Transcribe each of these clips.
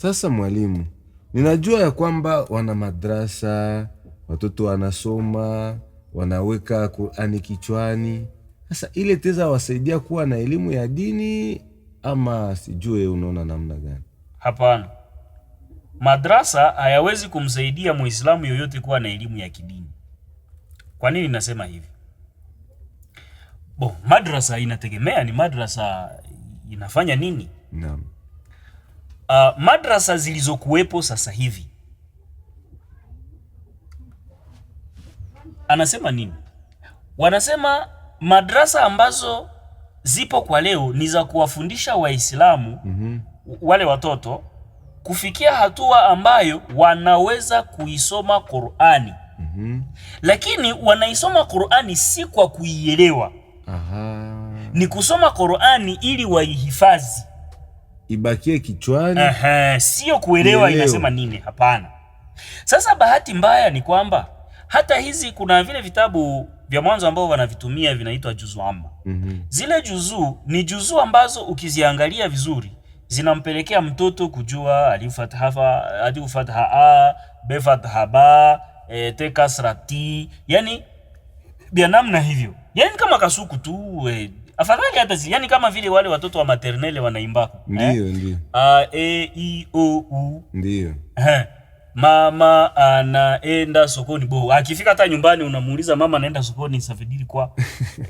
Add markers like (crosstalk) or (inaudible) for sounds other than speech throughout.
Sasa mwalimu, ninajua ya kwamba wana madrasa, watoto wanasoma, wanaweka Qur'ani kichwani. Sasa ile teza wasaidia kuwa na elimu ya dini ama sijue, unaona namna gani? Hapana, madrasa hayawezi kumsaidia Muislamu yoyote kuwa na elimu ya kidini. Kwa nini nasema hivi? Bo, madrasa inategemea ni madrasa inafanya nini? Naam uh, madrasa zilizokuwepo sasa hivi anasema nini? Wanasema madrasa ambazo zipo kwa leo ni za kuwafundisha Waislamu mm -hmm. wale watoto kufikia hatua ambayo wanaweza kuisoma Qur'ani mm -hmm. lakini wanaisoma Qur'ani si kwa kuielewa, ni kusoma Qur'ani ili waihifadhi ibakie kichwani. Aha, sio kuelewa inasema nini? Hapana. Sasa bahati mbaya ni kwamba hata hizi kuna vile vitabu vya mwanzo ambao wanavitumia vinaitwa juzu amba. mm -hmm. Zile juzuu ni juzuu ambazo ukiziangalia vizuri zinampelekea mtoto kujua alif fatha alif fatha a b ba e, te kasra ti, yani bia namna hivyo, yani kama kasuku tu e, Afadhali hata si, yani kama vile wale watoto wa maternelle wanaimba. Eh? Ndio, eh? Ndio. A e i o u. Ndio. Eh. Mama anaenda sokoni bo. Akifika hata nyumbani unamuuliza mama anaenda sokoni safidili kwa. (laughs)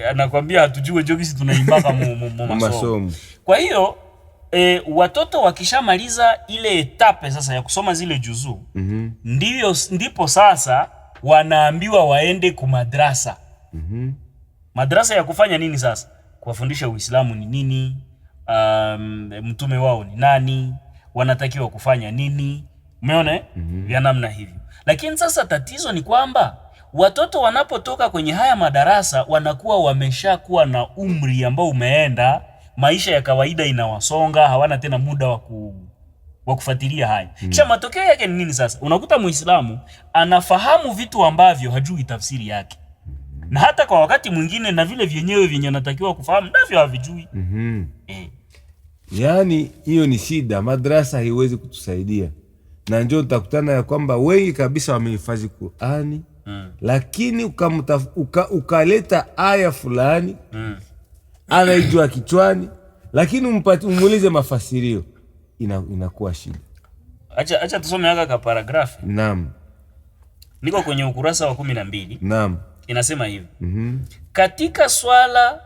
Eh, anakwambia hatujue jogi si tunaimba mu, mu masomo. Kwa hiyo e, watoto wakishamaliza ile etape sasa ya kusoma zile juzu mm -hmm. Ndiyo, ndipo sasa wanaambiwa waende kumadrasa mm -hmm. Madrasa ya kufanya nini sasa? kuwafundisha Uislamu ni nini, um, mtume wao ni nani, wanatakiwa kufanya nini. Umeona mm -hmm. vya namna hivyo, lakini sasa tatizo ni kwamba watoto wanapotoka kwenye haya madarasa wanakuwa wameshakuwa na umri ambao umeenda, maisha ya kawaida inawasonga, hawana tena muda wa ku wa kufuatilia haya mm. Kisha matokeo yake ni nini? Sasa unakuta Muislamu anafahamu vitu ambavyo hajui tafsiri yake na hata kwa wakati mwingine na vile vyenyewe vyenye natakiwa kufahamu navyo havijui. mm -hmm. Eh. Yaani hiyo ni shida, madrasa haiwezi kutusaidia, na njo nitakutana ya kwamba wengi kabisa wamehifadhi Qurani mm. lakini ukaleta uka, ukaleta aya fulani mm. anaijua kichwani, lakini umuulize mafasirio ina, inakuwa shida. Acha acha tusome haka ka paragrafu. Naam, niko kwenye ukurasa wa kumi na mbili. Naam inasema hivi mm -hmm. katika swala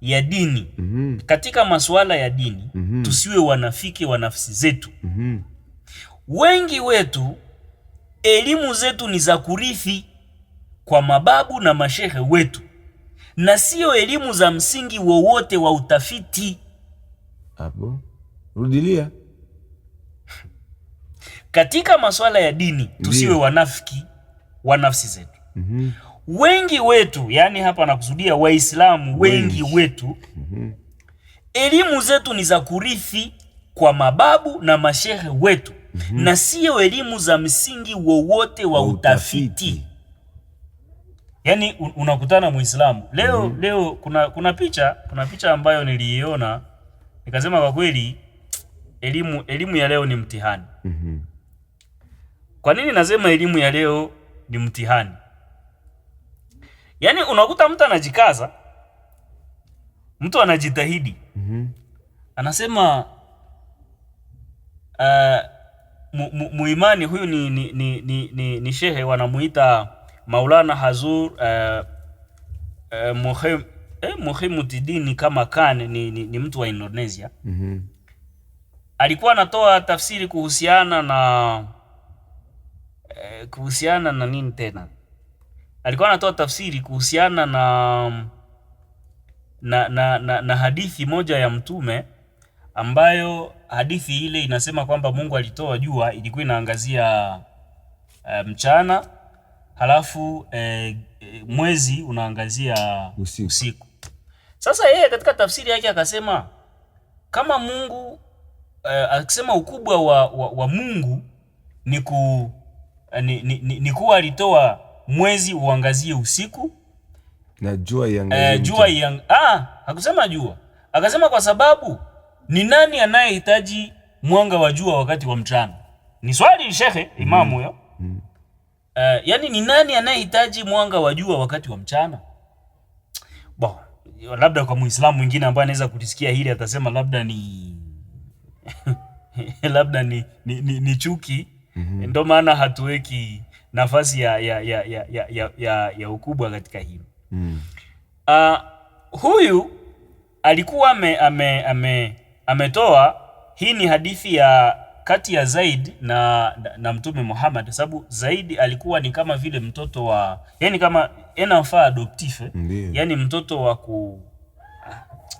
ya dini mm -hmm. katika masuala ya dini mm -hmm. tusiwe wanafiki wa nafsi zetu mm -hmm. wengi wetu elimu zetu ni za kurithi kwa mababu na mashehe wetu na sio elimu za msingi wowote wa utafiti. Abo, rudilia. Katika masuala ya dini tusiwe wanafiki wa nafsi zetu. mm -hmm wengi wetu, yani hapa nakusudia Waislamu wengi, wengi wetu mm -hmm. Elimu zetu ni za kurithi kwa mababu na mashehe wetu mm -hmm. na sio elimu za msingi wowote wa utafiti, utafiti. Yani unakutana Muislamu leo mm -hmm. leo kuna, kuna picha kuna picha ambayo niliiona nikasema kwa kweli elimu elimu ya leo ni mtihani mm -hmm. Kwa nini nasema elimu ya leo ni mtihani? Yaani unakuta mtu anajikaza, mtu anajitahidi mm -hmm. Anasema uh, mu, mu, muimani huyu ni, ni, ni, ni, ni, ni shehe wanamuita Maulana Hazur uh, uh, Muhim, eh, kama Khan ni, ni, ni mtu wa Indonesia mm -hmm. Alikuwa anatoa tafsiri kuhusiana na eh, kuhusiana na nini tena alikuwa anatoa tafsiri kuhusiana na na, na, na na hadithi moja ya Mtume ambayo hadithi ile inasema kwamba Mungu alitoa jua, ilikuwa inaangazia e, mchana halafu e, mwezi unaangazia usiku, usiku. Sasa yeye katika tafsiri yake akasema kama Mungu e, akisema ukubwa wa, wa, wa Mungu ni, ku, ni, ni, ni, ni kuwa alitoa mwezi uangazie usiku na jua eh, iangazie eh, jua iang... ah, hakusema jua, akasema kwa sababu ni nani anayehitaji mwanga wa jua wakati wa mchana? Ni swali shekhe mm-hmm. imamu huyo mm. Mm-hmm. mm. Eh, yani ni nani anayehitaji mwanga wa jua wakati wa mchana? Bo, labda kwa Muislamu mwingine ambaye anaweza kulisikia hili atasema labda ni (laughs) labda ni, ni, ni, ni chuki mm -hmm. Ndio maana hatuweki nafasi ya, ya, ya, ya, ya, ya, ya ukubwa katika hilo mm. Uh, huyu alikuwa ame, ame, ame, ametoa hii ni hadithi ya kati ya Zaid na, na, na Mtume Muhammad, sababu Zaid alikuwa ni kama vile mtoto wa yani kama enfant adoptif yani mtoto wa ku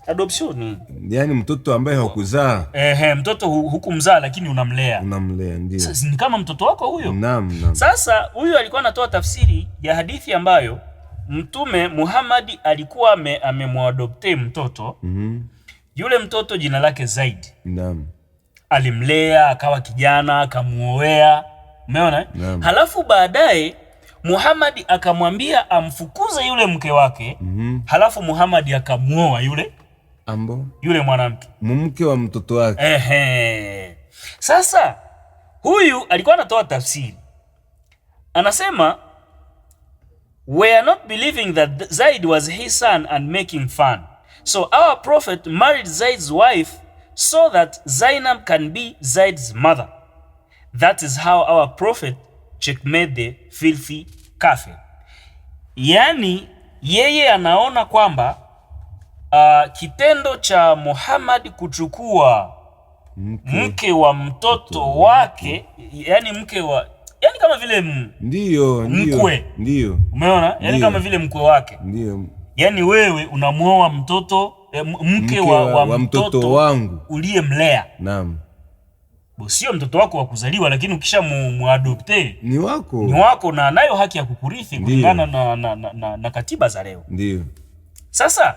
adoption yani mtoto ambaye hakuzaa. Ehe, mtoto hukumzaa lakini unamlea, unamlea ndio. Sasa ni kama mtoto wako huyo. Naam, naam. Sasa huyu alikuwa anatoa tafsiri ya hadithi ambayo Mtume Muhammad alikuwa amemwadopte mtoto mm -hmm. Yule mtoto jina lake Zaid. Naam. Alimlea akawa kijana akamuoea, umeona? Halafu baadaye Muhammad akamwambia amfukuze yule mke wake mm -hmm. Halafu Muhammad akamuoa yule Ambo yule mwanamke mumke wa mtoto wake. Ehe. Sasa huyu alikuwa anatoa tafsiri, anasema we are not believing that Zaid was his son and making fun so our prophet married Zaid's wife so that Zainab can be Zaid's mother that is how our prophet checkmate the filthy kafir. Yani yeye anaona kwamba uh, kitendo cha Muhammad kuchukua mke, mke wa mtoto, mke. wake Yani mke wa yani kama vile m... ndio mkwe ndio, umeona yani kama vile mkwe wake ndio, yani wewe unamwoa mtoto eh, mke, mke wa, wa, wa mtoto, mtoto wangu uliyemlea. Naam, sio mtoto wako wa kuzaliwa, lakini ukisha mu, muadopte ni wako, ni wako na nayo haki ya kukurithi kulingana na, na, na, na, na katiba za leo. Ndio sasa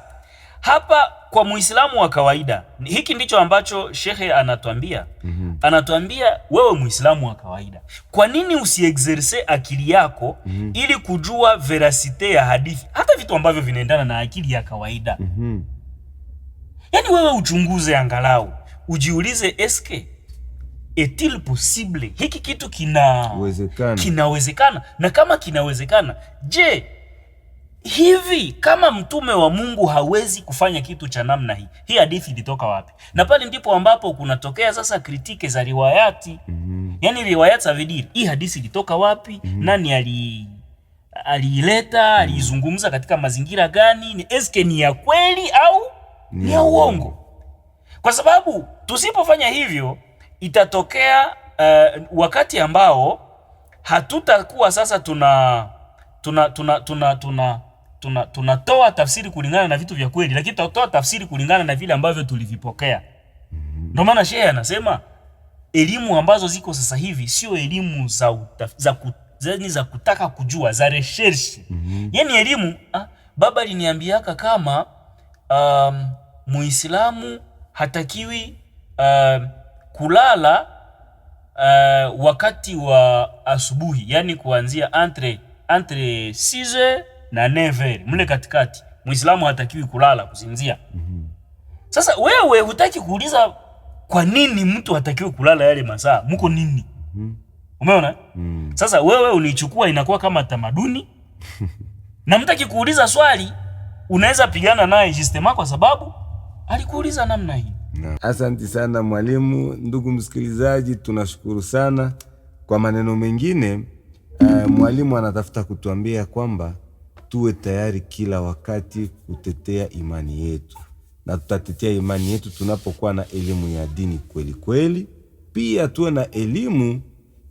hapa kwa Muislamu wa kawaida hiki ndicho ambacho shekhe anatuambia. mm -hmm. Anatuambia wewe Muislamu wa kawaida, kwa nini usiexerce akili yako mm -hmm. ili kujua veracite ya hadithi, hata vitu ambavyo vinaendana na akili ya kawaida mm -hmm. Yaani wewe uchunguze, angalau ujiulize, eske etil possible hiki kitu kinawezekana? Kinawezekana, na kama kinawezekana, je Hivi kama mtume wa Mungu hawezi kufanya kitu cha namna hii, hii hadithi ilitoka wapi? Na pale ndipo ambapo kunatokea sasa kritike za riwayati mm -hmm. Yani riwayati za vidiri, hii hadithi ilitoka wapi? mm -hmm. Nani ali aliileta? mm -hmm. Aliizungumza katika mazingira gani? Ni eske ni ya kweli au ni mm ya -hmm. uongo? Kwa sababu tusipofanya hivyo itatokea uh, wakati ambao hatutakuwa sasa tuna tuna tuna tuna, tuna tuna, tunatoa tafsiri kulingana na vitu vya kweli, lakini tunatoa tafsiri kulingana na vile ambavyo tulivipokea. Mhm. Ndio maana shehe anasema elimu ambazo ziko sasa hivi sio elimu za, utaf, za, ku, za, za kutaka kujua za research mm -hmm. Yani elimu ah, baba aliniambiaka kama um, Muislamu hatakiwi uh, kulala uh, wakati wa asubuhi, yani kuanzia entre entre 6 na never mle katikati. Muislamu hatakiwi kulala kusinzia. mm -hmm. Sasa wewe hutaki kuuliza kwa nini mtu hatakiwi kulala yale masaa, mko nini? mm -hmm. Umeona? mm -hmm. Sasa wewe unichukua inakuwa kama tamaduni (laughs) na mtaki kuuliza swali, unaweza pigana naye sistema kwa sababu alikuuliza namna hii. Asanti sana mwalimu. Ndugu msikilizaji, tunashukuru sana kwa maneno mengine. Uh, mwalimu anatafuta kutuambia kwamba tuwe tayari kila wakati kutetea imani yetu, na tutatetea imani yetu tunapokuwa na elimu ya dini kweli kweli. Pia tuwe na elimu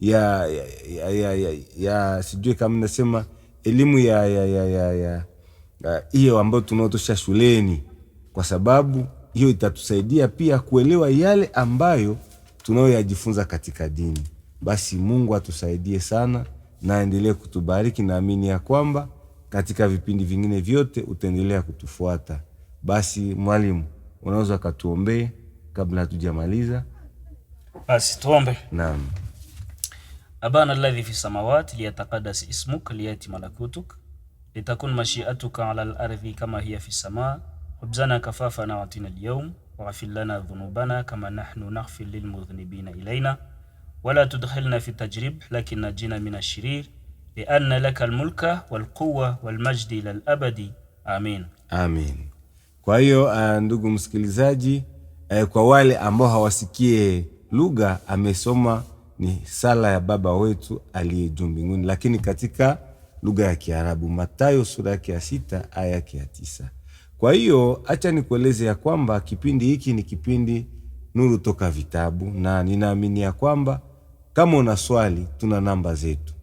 ya, ya, ya, ya, ya, ya sijui kama nasema elimu ya hiyo ya, ya, ya, ya, ambayo tunaotosha shuleni, kwa sababu hiyo itatusaidia pia kuelewa yale ambayo tunayoyajifunza katika dini. Basi Mungu atusaidie sana na aendelee kutubariki, naamini ya kwamba katika vipindi vingine vyote utaendelea kutufuata. Basi mwalimu, unaweza katuombee kabla hatujamaliza? Basi tuombe. Naam. Abana alladhi fi samawati liyataqaddas ismuk liyati malakutuk litakun mashiatuka ala alardhi kama hiya fi samaa wabzana kafafana watina al waghfir lana dhunubana kama nahnu naghfir lilmudhnibina ilayna wala tudkhilna fi tajrib lakin najina min ash anna laka almulka walquwa walmajdi lal abadi amin. Amin. Kwa hiyo ndugu msikilizaji, uh, kwa wale ambao hawasikie lugha, amesoma ni sala ya Baba wetu aliye juu mbinguni, lakini katika lugha ya Kiarabu, matayo sura yake ya sita aya yake ya tisa. Kwa hiyo acha nikueleze ya kwamba kipindi hiki ni kipindi Nuru Toka Vitabu, na ninaamini ya kwamba kama una swali, tuna namba zetu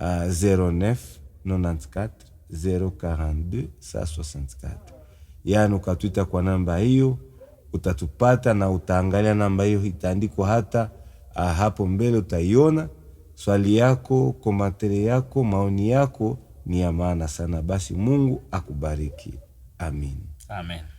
à 09 94 042 164. Yaani ukatwita kwa namba hiyo utatupata na utaangalia namba hiyo itaandikwa hata ah, hapo mbele, utaiona. Swali yako, komantere yako, maoni yako ni ya maana sana. Basi Mungu akubariki. Amin, amen.